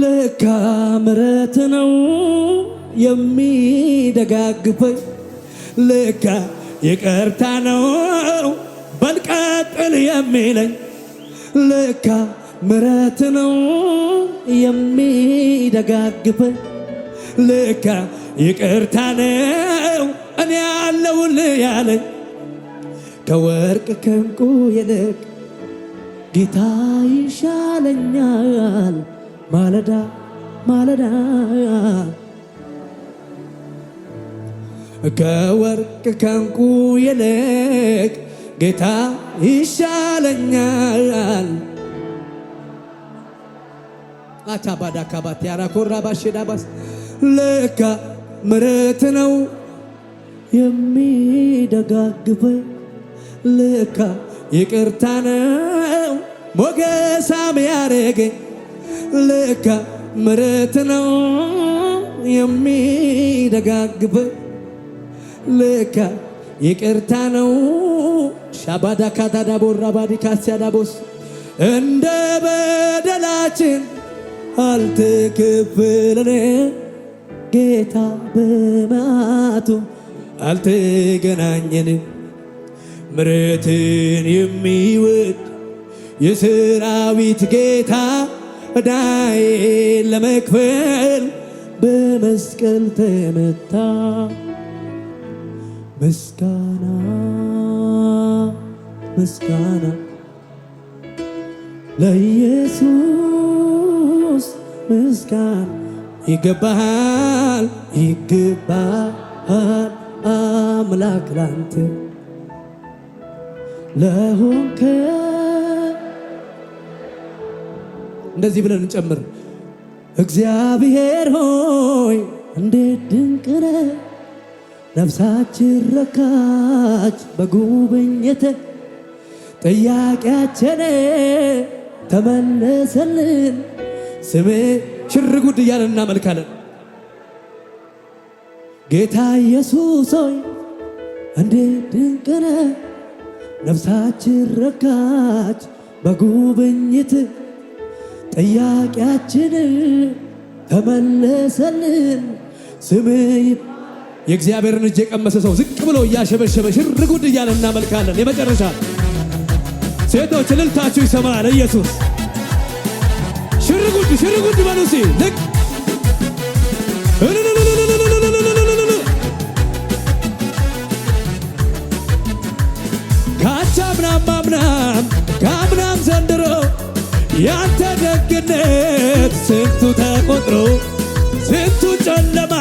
ለካ ምረት ነው የሚደጋግፈኝ ለካ ይቅርታ ነው በልቀጥል የሚለኝ ለካ ምረት ነው የሚደጋግፈኝ ለካ ይቅርታ ነው እኔ ያለውል ያለኝ ከወርቅ ከእንቁ ይልቅ ጌታ ይሻለኛል። ማለዳ ማለዳ ከወርቅ ከንቁ ይልቅ ጌታ ይሻለኛል። አታባዳ ካባት ያራኮራ ባሼዳባስ ለካ ምረት ነው የሚደጋግፈኝ ለካ ይቅርታ ነው ሞገሳም ያረገኝ ለካ ምረት ነው የሚደጋግብ ለካ ይቅርታ ነው ሻባዳ ካታዳ ቦራ ባዲ ካሲያዳቦስ እንደ በደላችን አልትክፍልን ጌታ በማቱ አልትገናኘን ምሬትን የሚወድ የሰራዊት ጌታ ዕዳዬ ለመክፈል በመስቀል ተመታ። ምስጋና ምስጋና ለኢየሱስ ምስጋና ይገባሃል ይገባሃል አምላክ ላንተ ለሆንከ እንደዚህ ብለን እንጨምር። እግዚአብሔር ሆይ እንዴት ድንቅ ነ ነፍሳችን ረካች በጉብኝት ጥያቄያችን ተመለሰልን፣ ስሜ ሽርጉድ እያለን እናመልካለን። ጌታ ኢየሱስ ሆይ እንዴት ድንቅ ነ ነፍሳችን ረካች በጉብኝት ጥያቄያችን ተመለሰልን። ስም የእግዚአብሔርን እጅ የቀመሰ ሰው ዝቅ ብሎ እያሸበሸበ ሽርጉድ እያለ እናመልካለን። የመጨረሻ ሴቶች እልልታችሁ ይሰማል። ኢየሱስ ሽርጉድ ሽርጉድ በሉሲ ያንተ ደግነት ስንቱ ተቆጥሮ ስንቱ ጨለማ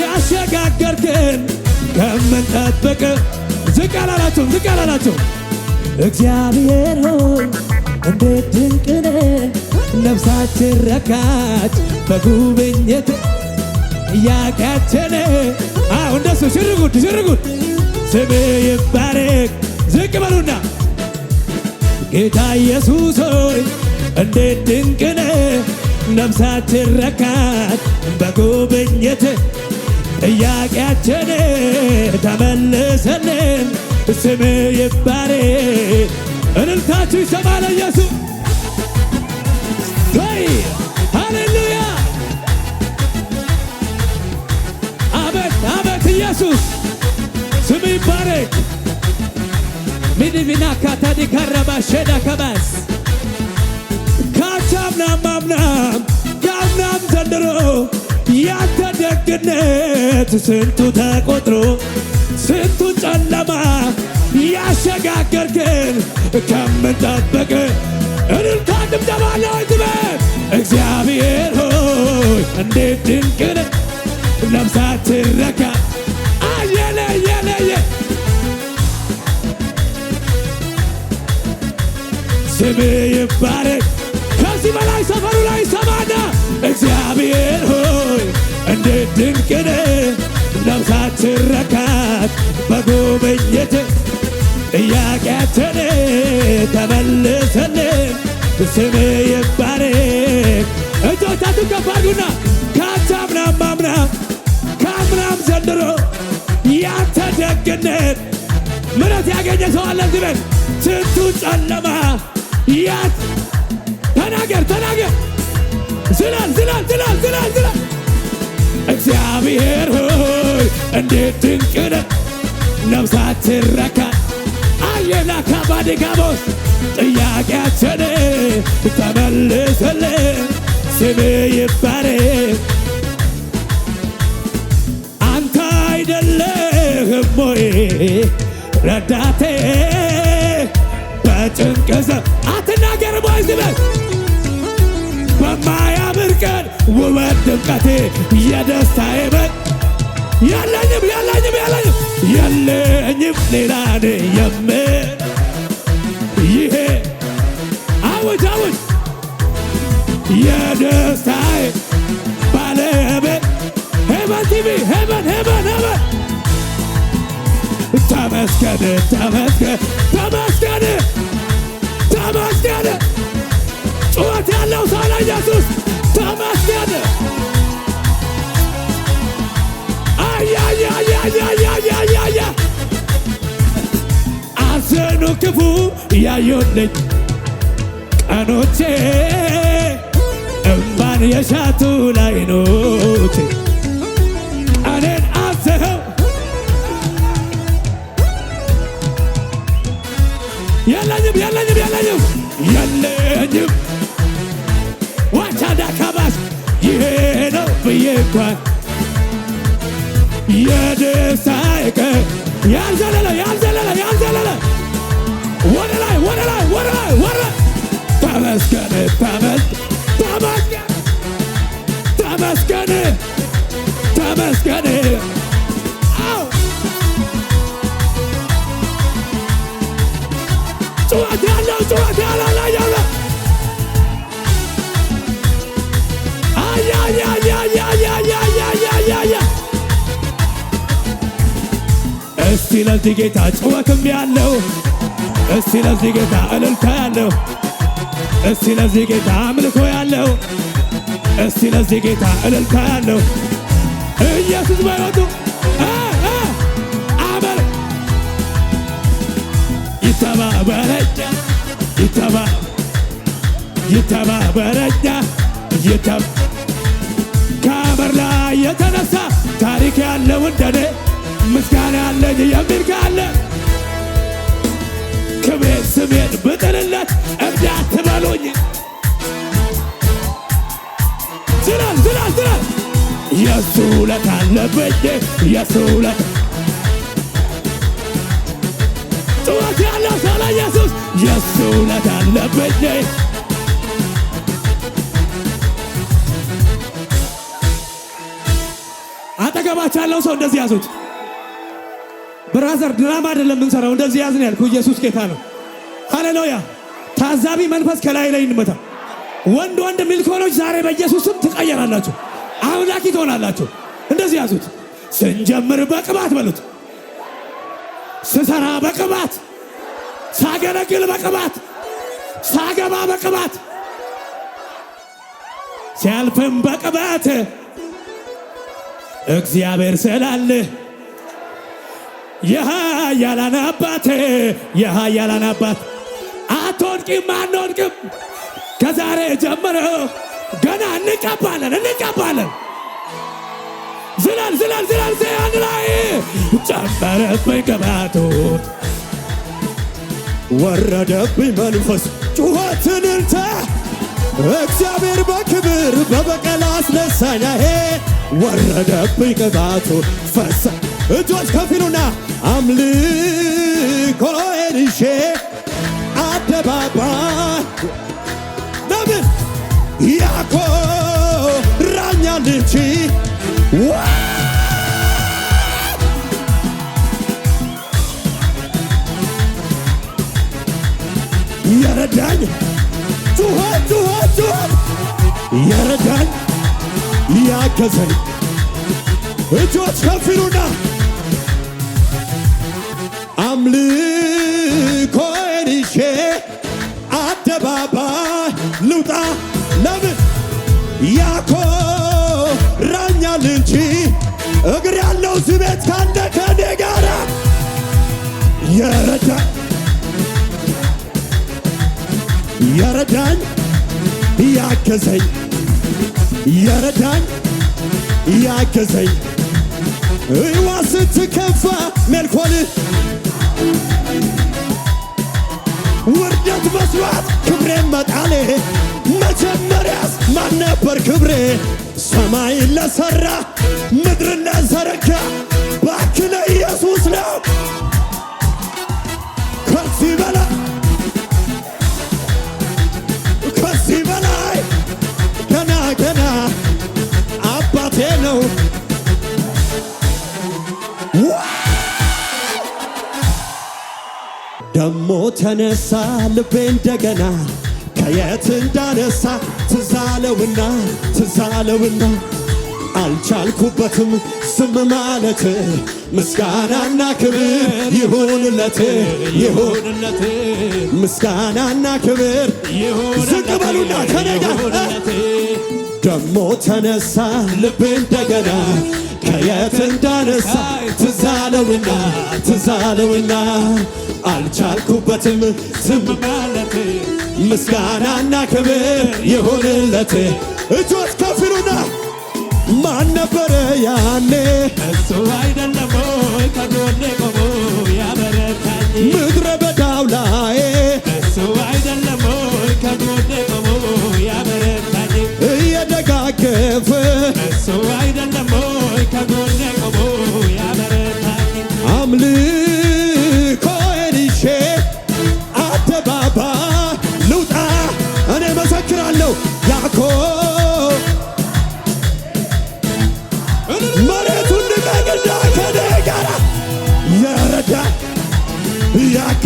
ያሸጋገርክን ከምንጠብቅ ዝቅ አላላቸው ዝቅ አላላቸው እግዚአብሔር ሆይ እንዴት ድንቅነ ነፍሳችን ረካች በጉብኝት እያቃቸነ አሁን ደሱ ሽርጉድ ሽርጉድ ስም ይባረክ ዝቅ በሉና ጌታ ኢየሱስ ሆይ እንዴት ድንቅ ነህ፣ ነፍሳችን ረካት በጉብኝት ጥያቄያችን ተመልሰልን ስም ይባሬ እልልታችሁ ይሰማል ኢየሱስ ይ ሃሌሉያ አቤት አቤት ኢየሱስ ስም ይባረክ minimina katani karama şena kamaz ካቻምናም ማምናም ካምናም ዘንድሮ ያንተ ደግነት ስንቱ ተቆጥሮ ስንቱን ጨለማ ያሸጋገርክን ከምንጠብቅ እልልታ ድብደባለ ግበን እግዚአብሔር ሆይ እንዴት ድንቅነ ለምሳት ትረካ ስም ይባረክ። ከዚህ በላይ ሰፈሩ ላይ ሰማና እግዚአብሔር ሆይ እንዴት ድንቅን ነፍሳችን ረካት በጉብኝት ጥያቄያችን ተመልሰልን ስም ይባረክ። እጆቻችሁ ከፍ አድርጉና ከአንተ አምናም አምና ዘንድሮ ያንተ ደግነት ምሕረት ያገኘ ሰው አለ። ስንቱ ጨለማ ያት ተናገር ተናገር ዝላል ዝላል ዝላል ዝላል ዝላል እግዚአብሔር ሆይ እንዴት ድንቅ ነህ ነፍሳት ትረካ አየናካ ባድጋቦስ ጥያቄያችን ተመልሰል ስም ይባረ አንተ አይደለህም ወይ ረዳቴ በጭንቅ ዘ በሚገርም ዝነት በማያምር ቀን ውበት ድምቀቴ የደስታዬ መን የለኝም የለኝም የለኝም የለኝም ሌላ እኔ የምል ይሄ አውጅ አውጅ የደስታዬ ባለቤት ሄቨን ቲቪ ሄቨን ሄቨን ሄቨን ተመስገን ተመስገን ያዩልኝ ቀኖቼ እምባን የሻቱ ላይኖቼ እኔን አዘኸው የለኝም የለኝም የለኝም የለኝም ዋቻ ዳካባስ ይሄ ነው ብዬ እንኳን የደስታዬ ያልዘለለ ያልዘለለ ያልዘለለ ለዚህ ጌታ ጭወክም ያለው እስቲ ለዚህ ጌታ እልልታ ያለው እስቲ ለዚህ ጌታ አምልኮ ያለው እስቲ ለዚህ ጌታ እልልታ ያለው ኢየሱስ ባይወጡ አበል ይተባበረኛ ይተባበረኛ ከአበር ላይ የተነሳ ታሪክ ያለው እንደኔ ምስጋና ያለኝ የሚል ካለ ክብሬን ስሜን ብጥልለት እንዳትበሉኝ የሱ አለብኝ የሱ ያለው ሰው ኢየሱስ የሱ አለብኝ ሰው እንደዚህ ያዙት። ብራዘር ድራማ አይደለም የምንሰራው። እንደዚህ ያዝን ያልኩ ኢየሱስ ጌታ ነው። ሃሌሉያ። ታዛቢ መንፈስ ከላይ ላይ እንመታ። ወንድ ወንድ ሚልኮኖች ዛሬ በኢየሱስ ስም ትቀየራላችሁ። አምላኪ ትሆናላችሁ። እንደዚህ ያዙት። ስንጀምር በቅባት በሉት። ስሰራ በቅባት፣ ሳገለግል በቅባት፣ ሳገባ በቅባት፣ ሲያልፍም በቅባት እግዚአብሔር ስላለ የሃያላን አባቴ የሃያላን አባት አትወድቂም፣ አንወድቅም። ከዛሬ ጀምሮ ገና እንቀባለን እንቀባለን። ዝለል ዝለል ዝለል ያን ላይ ጨመረብኝ ቅባቱ ወረደብኝ መንፈስ ጩኸትን እንተ እግዚአብሔር በክብር በበቀል አስነሳኝ። ሄ ወረደብኝ ቅባቱ ፈሳ እጆች ከፊሉና አምልኮዬን ይዤ አደባባይ ለምን ያኮራኛል እንጂ የረዳኝ ጩኸት ጩኸት ጩኸት የረዳኝ ያገዘኝ እጆች ከፊሉና ያኮራኛል እንጂ እግር ያለው ዝቤት ካለ ከኔ ጋራ የረዳኝ የረዳኝ ያገዘኝ የረዳኝ ያገዘኝ እዋ ስትከፋ ሜልኮል ውርደት መስዋዕት ክብሬን መጣሌ መጀመሪያስ ማን ነበር ክብሬ? ሰማይን ለሠራ ምድርን ለዘረጋ ባክለ ኢየሱስ ነው። ከዚህ በላይ ከዚህ በላይ ገና ገና አባቴ ነው። ደሞ ተነሳ ልቤ እንደገና ከየት እንዳነሳ ትዛለውና ትዛለውና አልቻልኩበትም ስም ማለት ምስጋናና ክብር ይሁንለት ይሁንለት ምስጋናና ክብር ዝቅ በሉና ደሞ ተነሳ ልብ እንደገና ከየት እንዳነሳ ትዛለውና ትዛለውና አልቻልኩበትም ዝም ማለት ምስጋናና ክብር ይሁንለት እጆች ከፍሉና ማን ነበረ ያኔ እሱ አይደለም ወይ ከጎኔ ቆሞ ያበረታኝ ምድረ በዳው ላይ እሱ አይደለም ወይ ከጎኔ ቆሞ ያበረታኝ እየደጋገፈ እሱ አይደለም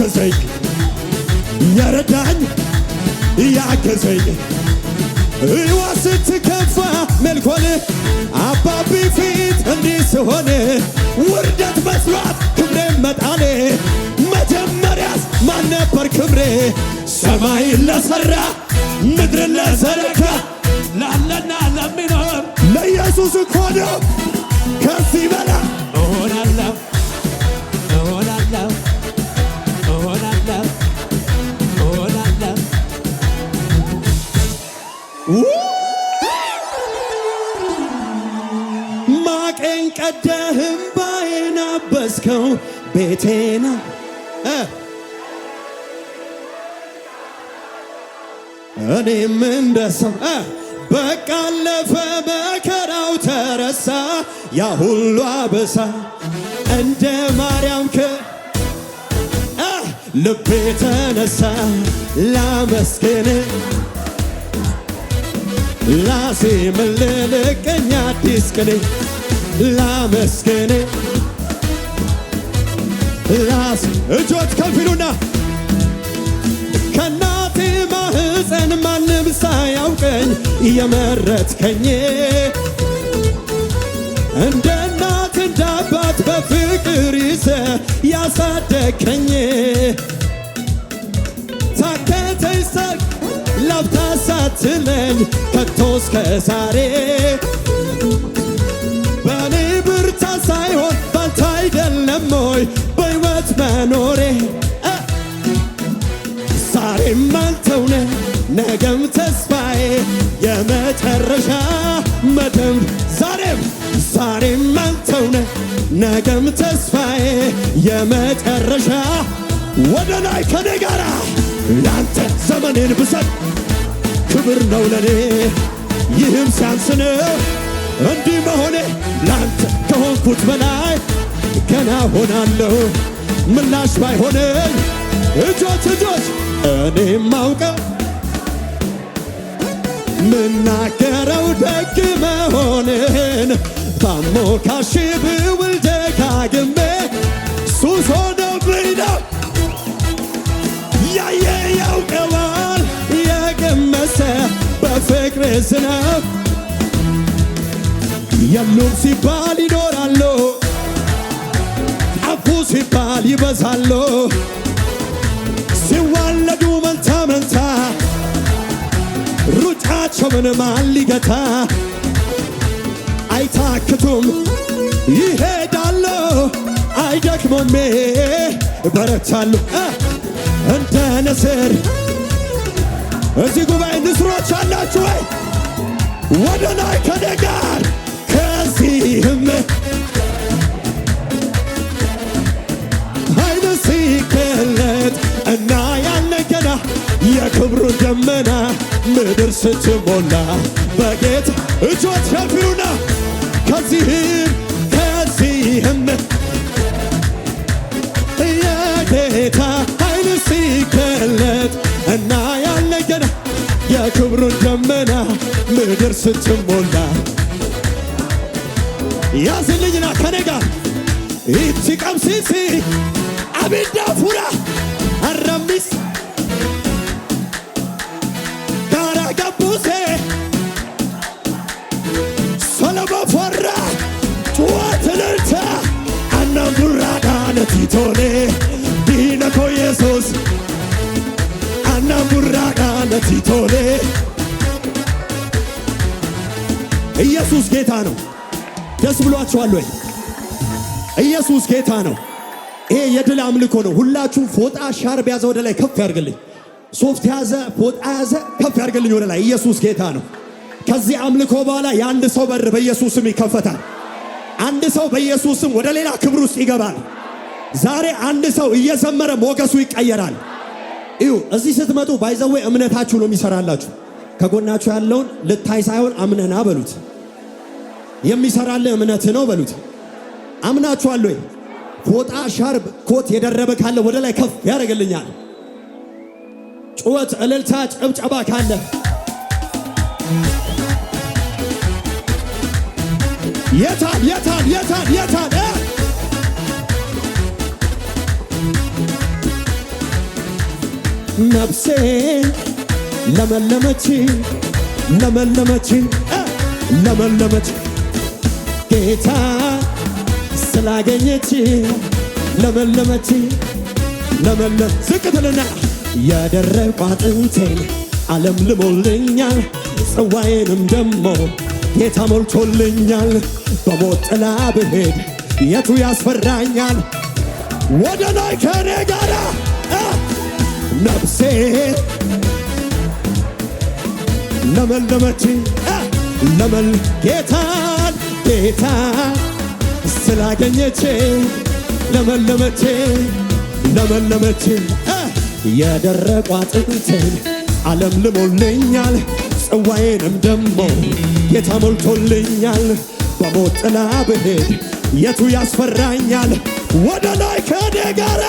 እያገዘኝ እየረዳኝ እያገዘኝ እዋ ስትከፋ መልኮን አባቢ ፊት እንዲህ ስሆን ውርደት መስሏት ክብሬ መጣኔ መጀመሪያስ ማን ነበር ክብሬ ሰማይን ለሠራ ምድርን ለዘረጋ ላለና ለሚኖር ለኢየሱስ እኮ ነው ከዚህ በላ ማቄን ቀደህ እምባዬን አበስከው ቤቴና እኔም እንደሰው በቃ አለፈ መከራው ተረሳ ያ ሁሉ አበሳ እንደ ማርያም ከ ልቤ ተነሳ ላመስግን ላሴ መለለቀኝ አዲስ ቀኔ ላመስገኔ ላስ እጆች ከፊሉና ከናቴ ማህፀን ማንም ሳያውቀኝ እየመረጥከኝ እንደ እናት እንዳባት በፍቅር ይዘ ያሳደከኝ አትለኝ ከቶ እስከ ዛሬ በእኔ ብርታ ሳይሆን ባንተ አይደለም ሆይ በሕይወት መኖሬ ዛሬም አንተውነ ነገም ተስፋዬ የመጨረሻ መደም ዛሬም ዛሬም አንተውነ ነገም ተስፋዬ የመጨረሻ ወደ ላይ ከኔ ጋራ ያንተ ዘመኔን ብሰጥ ክብር ነው ለኔ ይህም ሲያንስ እንዲህ መሆኔ ላንተ ከሆንኩት በላይ ገና ሆናለሁ ምላሽ ባይሆነኝ እጆች እጆች እኔም ማውቀ ምናገረው ደግ መሆንን ታሞ ካሽ ብውል ደጋግሜ ሱሶ ነው ነው ያፈሰ በፍቅር ዝናብ የሉም ሲባል ይኖራሉ፣ ጠፉ ሲባል ይበዛሉ። ሲዋለዱ መንታ መንታ ሩጫቸው ምን ማን ሊገታ አይታክቱም ይሄዳሉ፣ አይደክሞም በረታሉ እንደ ንስር እዚህ ጉባኤ ንስሮች አላችሁ ወይ? ወደ ላይ ከኔ ጋር ከዚህም አይነ ሲገለጥ እና ያለ ገና የክብሩ ደመና ምድር ስትሞላ በጌታ እጆች ከፊሉና ከዚህም ከዚህም የጌታ አይን ሲገለጥ የክብሩን ደመና ምድር ስትሞላ ያዝልኝና ከኔጋ ኢቲ ቀምሲሲ አቢዳ ፉራ አረሚስ ጋራ ገቡሴ ሰለሞ ፎራ ጩዋ ትልልታ አናምዱራ ለቲቶኔ ኢየሱስ ጌታ ነው። ደስ ብሏችኋል ወይ? ኢየሱስ ጌታ ነው። ይሄ የድል አምልኮ ነው። ሁላችሁም ፎጣ ሻርብ ያዘ ወደ ላይ ከፍ ያርግልኝ። ሶፍት ያዘ ፎጣ ያዘ ከፍ ያርግልኝ ወደ ላይ። ኢየሱስ ጌታ ነው። ከዚህ አምልኮ በኋላ የአንድ ሰው በር በኢየሱስም ይከፈታል። አንድ ሰው በኢየሱስም ወደ ሌላ ክብር ውስጥ ይገባል። ዛሬ አንድ ሰው እየዘመረ ሞገሱ ይቀየራል። እዩ እዚህ ስትመጡ ባይዘዌ እምነታችሁ ነው የሚሰራላችሁ። ከጎናችሁ ያለውን ልታይ ሳይሆን አምነና በሉት። የሚሰራልህ እምነት ነው በሉት። አምናችኋል ወይ? ፎጣ፣ ሻርብ፣ ኮት የደረበ ካለ ወደ ላይ ከፍ ያደርግልኛል። ጩኸት፣ እልልታ፣ ጭብጨባ ካለ የታል የታል የታል የታል ነፍሴ ለመለመች ለመለመች ለመለመች ጌታ ስላገኘች ለመለመች ለመለ ዝቅትልና የደረቁ አጥንቴን ዓለም ልሞልኛል ጽዋዬንም ደሞ ጌታ ሞልቶልኛል። በሞት ጥላ ብሄድ የቱ ያስፈራኛል? ወደ ላይ ከኔ ጋራ ነፍሴ ለመለመች ለመል ጌታን ጌታ ስላገኘች ለመለመች ለመለመች የደረቁ አጥንቴን ዓለም ልሞልኛል ጽዋዬንም ደሞ ጌታ ሞልቶልኛል። በሞት ጥላ ብሄድ የቱ ያስፈራኛል? ወደ ላይ ከኔ ጋራ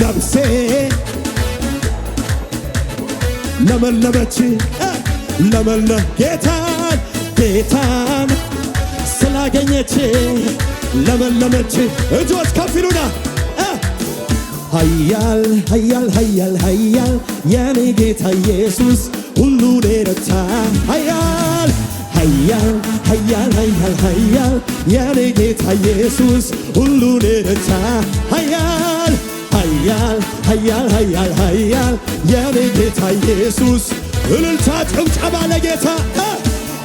ነፍሴ ለመለመች ለመለ ጌታን ጌታን ስላገኘች ለመለመች እጆች ከፊሉና ይሉና ኃያል ኃያል ኃያል ኃያል የኔ ጌታ ኢየሱስ ሁሉን የረታ ኃያል ኃያል ኃያል ኃያል ኃያል የኔ ጌታ ኢየሱስ ሁሉን የረታ ኃያል ኃያል ኃያል ኃያል ኃያል የኔ ጌታ ኢየሱስ እልልታ ጭብጨባ ለጌታ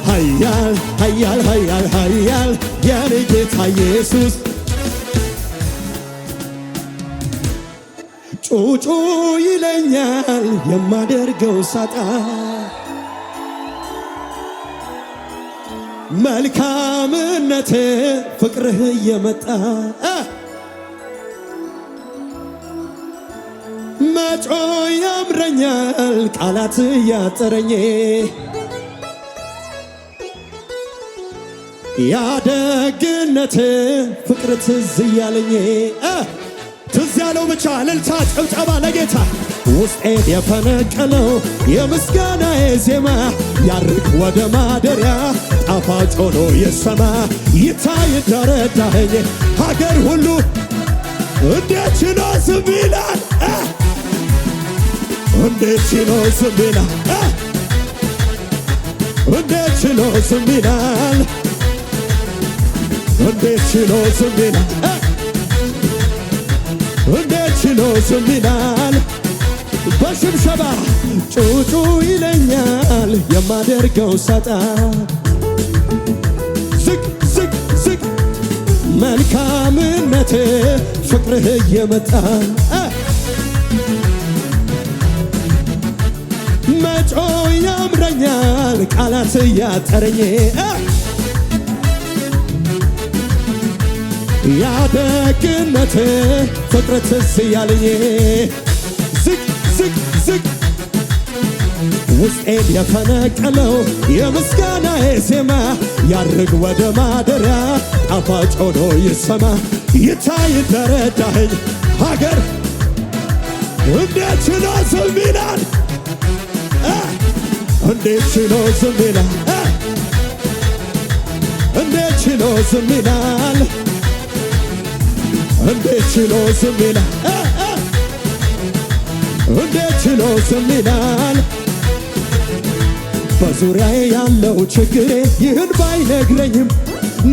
ኃያል ኃያል ኃያል ኃያል የኔ ጌታ ኢየሱስ ጩጩ ይለኛል የማደርገው ሳጣ መልካምነት ፍቅርህ እየመጣ መጮ ያምረኛል ቃላት እያጠረኝ ያደግነት ፍቅር ትዝ እያለኝ ትዝ ያለው ብቻ ልልታ ጭብጨባ ለጌታ ውስጤን የፈነቀለው የምስጋና የዜማ ያርቅ ወደ ማደሪያ ጣፋጭ ሆኖ ይሰማ ይታይ እንደረዳኸኝ ሀገር ሁሉ እንዴት ችሎ ዝም ይላል እንዴት ችሎ ዝም እንዴት ችሎ እንዴት እንዴት በሽብሸባ ጩጩ ይለኛል የማደርገው ሳጣ ዝቅ ዝቅ ዝቅ መልካምነቴ ፍቅርህ እየመጣ ቃላት ያጠረኝ ያደግነት ፍጥረት ስያልኝ ዝቅ ዝቅ ዝቅ ውስጤን የፈነቀለው የምስጋና ዜማ ያርግ ወደ ማደሪያ ጣፋጭ ሆኖ ይሰማ ይታይ ይደረዳኝ ሀገር እንዴት ነው ዝም ይላል እንዴት ችሎ ዝም ይላል? እንዴት ችሎ ዝም ይላል? እንዴት ችሎ ዝም ይላል? እንዴት ችሎ ዝም ይላል? በዙሪያዬ ያለው ችግሬ ይህን ባይነግረኝም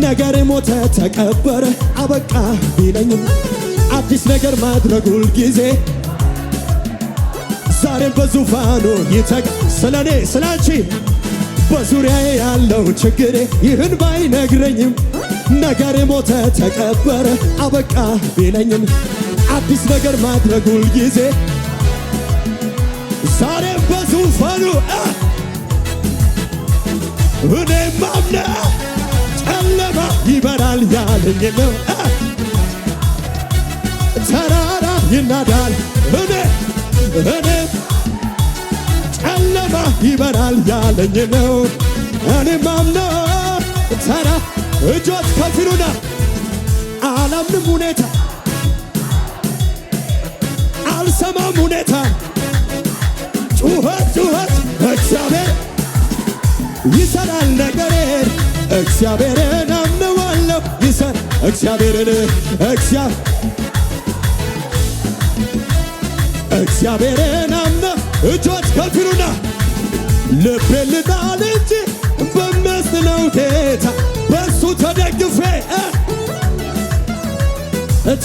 ነገር ሞተ ተቀበረ አበቃ ቢለኝም አዲስ ነገር ማድረጉል ጊዜ ዛሬም በዙፋኑ ይተግ ስለኔ ስላንቺ በዙሪያዬ ያለው ችግሬ ይህን ባይነግረኝም ነገር ሞተ ተቀበረ አበቃ ቢለኝም አዲስ ነገር ማድረግ ሁልጊዜ ዛሬም በዙፋኑ እኔ ማምነ ጨለማ ይበራል ያለኝ የለም ተራራ ይናዳል እኔ እኔ ጨለማ ይበራል ያለኝ ነው እኔ ማምነ ሰራ እጆች ከፊሉና አላምንም ሁኔታ አልሰማም ሁኔታ ጩኸት ጩኸት እግዚአብሔር ይሰራል ነገሬን እግዚአብሔርን አምነዋለሁ ይሰራ እግዚአብሔርን እግዚአብሔር እግዚአብሔርን አምነህ እጆች ከፍ ይሉና ልቤን ልጣል እንጂ በሚያስጥለው ጌታ በእሱ ተደግፌ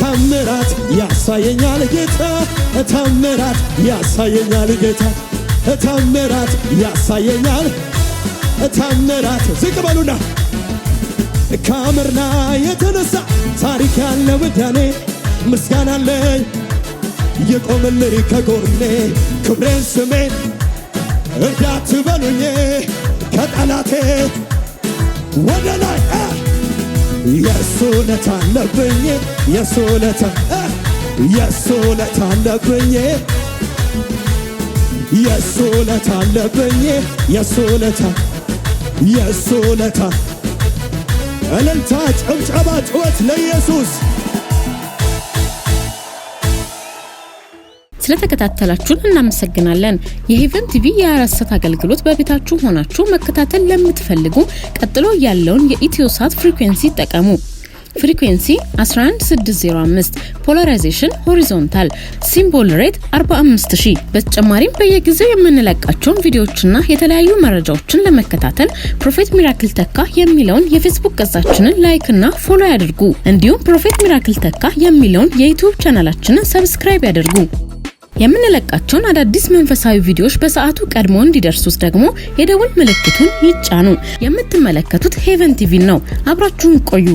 ታምራት ያሳየኛል ጌታ ታምራት ያሳየኛል ጌታ ታምራት ያሳየኛል ታምራት ዝቅ በሉና ከአምርና የተነሳ ታሪክ ያለ ውዳኔ ምስጋና አለኝ የቆምልኝ ከጎኔ ክብሬን ስሜን እርዳት በሉኝ ከጠላቴ ወደ ላይ የእሱ ውለታ አለብኝ የእሱ ውለታ የእሱ ውለታ አለብኝ የእሱ ውለታ አለብኝ የእሱ ውለታ የእሱ ውለታ እልልታ፣ ጭብጨባ፣ ጩኸት ለኢየሱስ ስለተከታተላችሁን እናመሰግናለን። የሄቨን ቲቪ የአራሰት አገልግሎት በቤታችሁ ሆናችሁ መከታተል ለምትፈልጉ ቀጥሎ ያለውን የኢትዮሳት ፍሪኩዌንሲ ይጠቀሙ። ፍሪኩንሲ 11605 ፖላራይዜሽን ሆሪዞንታል ሲምቦል ሬት 45000። በተጨማሪም በየጊዜው የምንለቃቸውን ቪዲዮዎችና የተለያዩ መረጃዎችን ለመከታተል ፕሮፌት ሚራክል ተካ የሚለውን የፌስቡክ ገጻችንን ላይክ እና ፎሎ ያድርጉ። እንዲሁም ፕሮፌት ሚራክል ተካ የሚለውን የዩቲዩብ ቻናላችንን ሰብስክራይብ ያድርጉ። የምንለቃቸውን አዳዲስ መንፈሳዊ ቪዲዮዎች በሰዓቱ ቀድሞ እንዲደርሱት ደግሞ የደውል ምልክቱን ይጫኑ። የምትመለከቱት ሄቨን ቲቪን ነው። አብራችሁን ቆዩ።